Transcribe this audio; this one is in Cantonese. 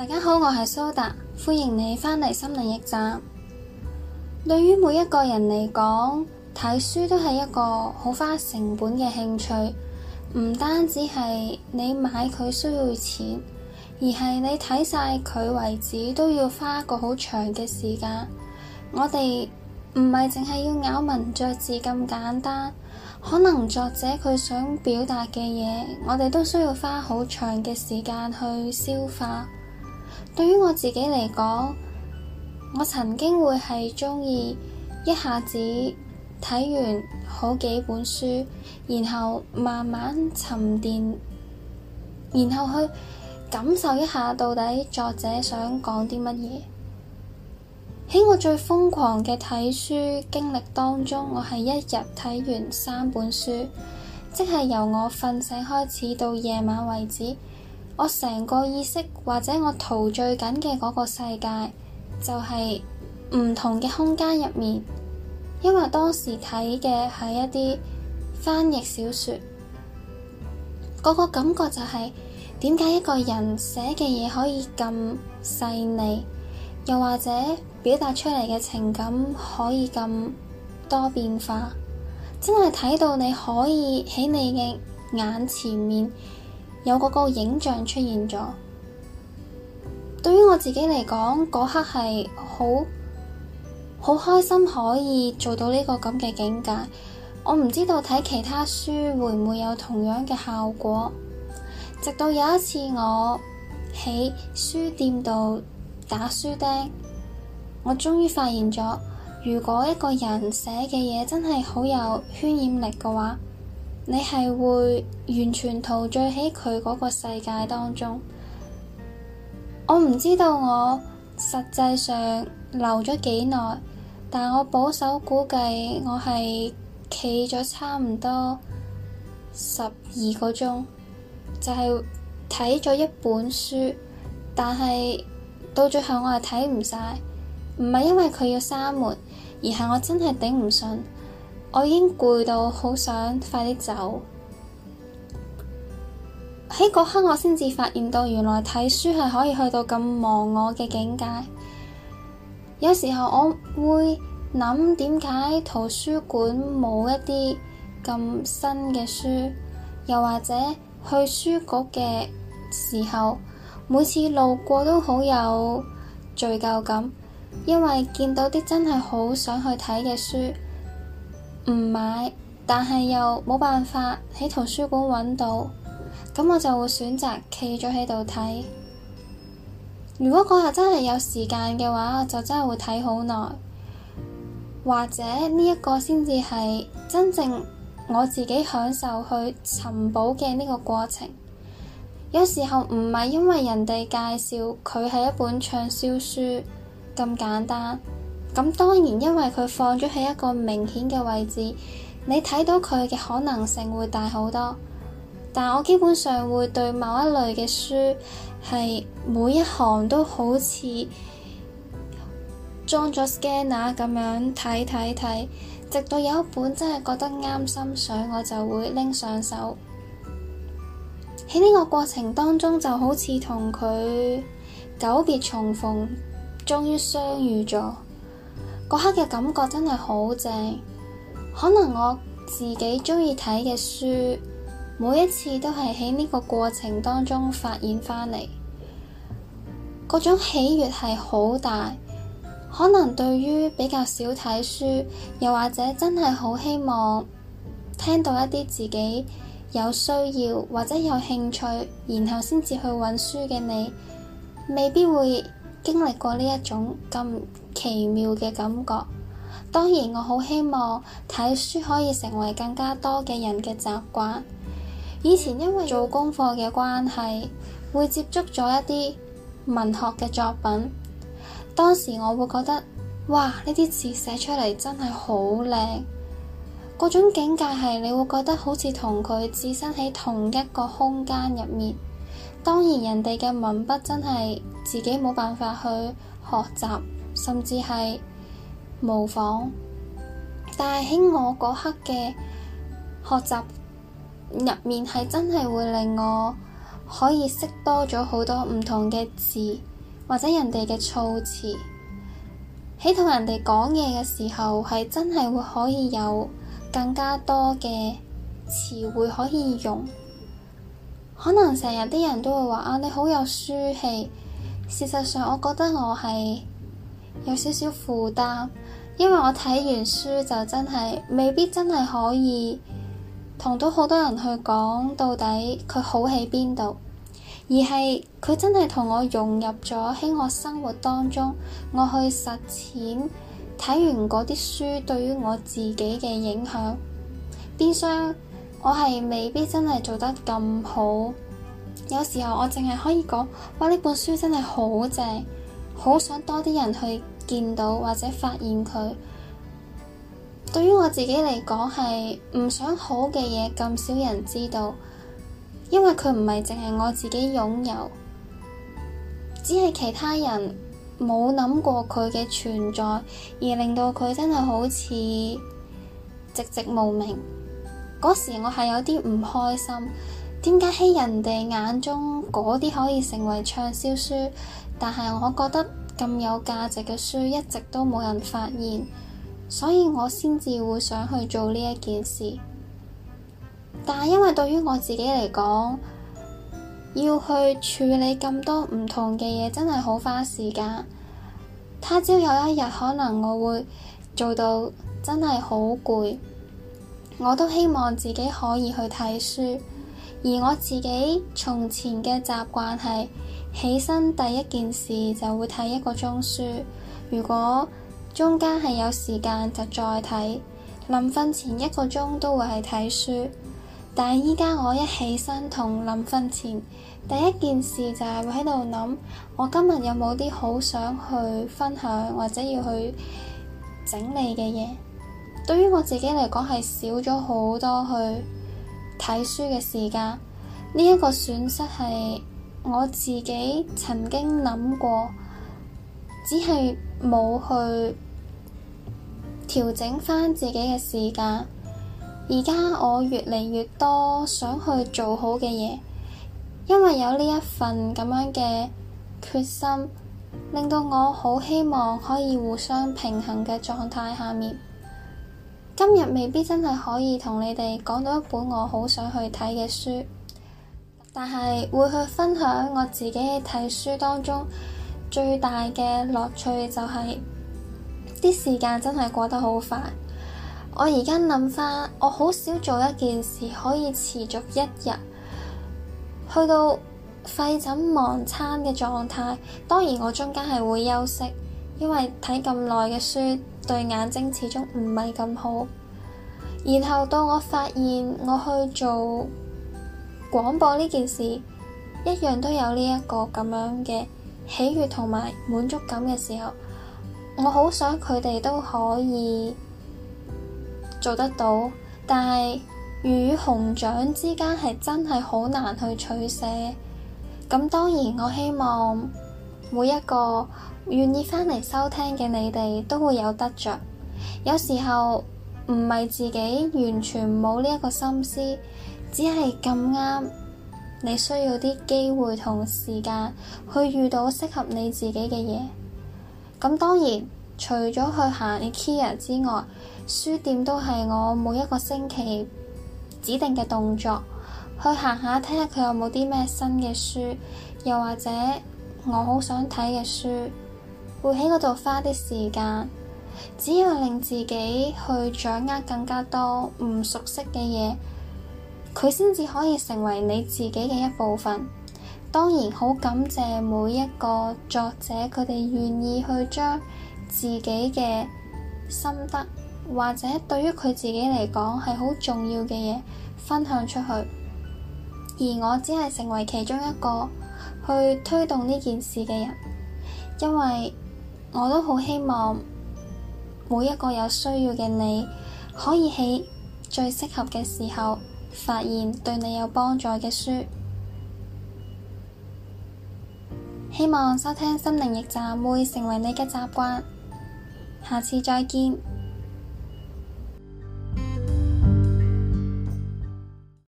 大家好，我係蘇達，歡迎你返嚟心靈驛站。對於每一個人嚟講，睇書都係一個好花成本嘅興趣，唔單止係你買佢需要錢，而係你睇晒佢為止都要花一個好長嘅時間。我哋唔係淨係要咬文嚼字咁簡單，可能作者佢想表達嘅嘢，我哋都需要花好長嘅時間去消化。對於我自己嚟講，我曾經會係鍾意一下子睇完好幾本書，然後慢慢沉澱，然後去感受一下到底作者想講啲乜嘢。喺我最瘋狂嘅睇書經歷當中，我係一日睇完三本書，即係由我瞓醒開始到夜晚為止。我成個意識或者我陶醉緊嘅嗰個世界，就係唔同嘅空間入面。因為當時睇嘅係一啲翻譯小說，嗰個感覺就係點解一個人寫嘅嘢可以咁細膩，又或者表達出嚟嘅情感可以咁多變化，真係睇到你可以喺你嘅眼前面。有嗰個影像出現咗，對於我自己嚟講，嗰刻係好好開心，可以做到呢個咁嘅境界。我唔知道睇其他書會唔會有同樣嘅效果。直到有一次我喺書店度打書釘，我終於發現咗，如果一個人寫嘅嘢真係好有渲染力嘅話。你係會完全陶醉喺佢嗰個世界當中，我唔知道我實際上留咗幾耐，但我保守估計我係企咗差唔多十二個鐘，就係睇咗一本書，但係到最後我係睇唔晒，唔係因為佢要閂門，而係我真係頂唔順。我已經攰到好想快啲走，喺嗰刻我先至發現到原來睇書係可以去到咁忘我嘅境界。有時候我會諗點解圖書館冇一啲咁新嘅書，又或者去書局嘅時候，每次路過都好有罪疚感，因為見到啲真係好想去睇嘅書。唔買，但係又冇辦法喺圖書館揾到，咁我就會選擇企咗喺度睇。如果嗰日真係有時間嘅話，我就真係會睇好耐。或者呢一個先至係真正我自己享受去尋寶嘅呢個過程。有時候唔係因為人哋介紹佢係一本暢銷書咁簡單。咁當然，因為佢放咗喺一個明顯嘅位置，你睇到佢嘅可能性會大好多。但我基本上會對某一類嘅書係每一行都好似裝咗 scanner 咁樣睇睇睇，直到有一本真係覺得啱心水，我就會拎上手。喺呢個過程當中，就好似同佢久別重逢，終於相遇咗。嗰刻嘅感覺真係好正，可能我自己鍾意睇嘅書，每一次都係喺呢個過程當中發現翻嚟，嗰種喜悅係好大。可能對於比較少睇書，又或者真係好希望聽到一啲自己有需要或者有興趣，然後先至去揾書嘅你，未必會經歷過呢一種咁。奇妙嘅感覺，當然我好希望睇書可以成為更加多嘅人嘅習慣。以前因為做功課嘅關係，會接觸咗一啲文學嘅作品。當時我會覺得哇，呢啲字寫出嚟真係好靚。嗰種境界係你會覺得好似同佢置身喺同一個空間入面。當然人哋嘅文筆真係自己冇辦法去學習。甚至係模仿，但係喺我嗰刻嘅學習入面，係真係會令我可以識多咗好多唔同嘅字，或者人哋嘅措辭。喺同人哋講嘢嘅時候，係真係會可以有更加多嘅詞彙可以用。可能成日啲人都會話啊，你好有書氣。事實上，我覺得我係。有少少負擔，因為我睇完書就真係未必真係可以同到好多人去講到底佢好喺邊度，而係佢真係同我融入咗喺我生活當中，我去實踐睇完嗰啲書對於我自己嘅影響，變相我係未必真係做得咁好，有時候我淨係可以講，哇，呢本書真係好正。好想多啲人去見到或者發現佢。對於我自己嚟講係唔想好嘅嘢咁少人知道，因為佢唔係淨係我自己擁有，只係其他人冇諗過佢嘅存在，而令到佢真係好似寂寂無名。嗰時我係有啲唔開心。點解喺人哋眼中嗰啲可以成為暢銷書，但係我覺得咁有價值嘅書一直都冇人發現，所以我先至會想去做呢一件事。但係因為對於我自己嚟講，要去處理咁多唔同嘅嘢，真係好花時間。他朝有一日，可能我會做到真係好攰，我都希望自己可以去睇書。而我自己從前嘅習慣係起身第一件事就會睇一個鐘書，如果中間係有時間就再睇。臨瞓前一個鐘都會係睇書，但係依家我一起身同臨瞓前第一件事就係會喺度諗，我今日有冇啲好想去分享或者要去整理嘅嘢？對於我自己嚟講係少咗好多去。睇書嘅時間，呢一個損失係我自己曾經諗過，只係冇去調整翻自己嘅時間。而家我越嚟越多想去做好嘅嘢，因為有呢一份咁樣嘅決心，令到我好希望可以互相平衡嘅狀態下面。今日未必真係可以同你哋講到一本我好想去睇嘅書，但係會去分享我自己睇書當中最大嘅樂趣就係、是、啲時間真係過得好快。我而家諗翻，我好少做一件事可以持續一日去到廢寢忘餐嘅狀態。當然我中間係會休息，因為睇咁耐嘅書。對眼睛始終唔係咁好，然後到我發現我去做廣播呢件事，一樣都有呢一個咁樣嘅喜悦同埋滿足感嘅時候，我好想佢哋都可以做得到，但係魚與熊掌之間係真係好難去取捨。咁當然，我希望每一個。願意返嚟收聽嘅你哋都會有得着。有時候唔係自己完全冇呢一個心思，只係咁啱你需要啲機會同時間去遇到適合你自己嘅嘢。咁當然除咗去行 IKEA 之外，書店都係我每一個星期指定嘅動作去行下，睇下佢有冇啲咩新嘅書，又或者我好想睇嘅書。會喺嗰度花啲時間，只要令自己去掌握更加多唔熟悉嘅嘢，佢先至可以成為你自己嘅一部分。當然好感謝每一個作者，佢哋願意去將自己嘅心得或者對於佢自己嚟講係好重要嘅嘢分享出去，而我只係成為其中一個去推動呢件事嘅人，因為。我都好希望每一個有需要嘅你，可以喺最適合嘅時候，發現對你有幫助嘅書。希望收聽心靈驛站會成為你嘅習慣。下次再見。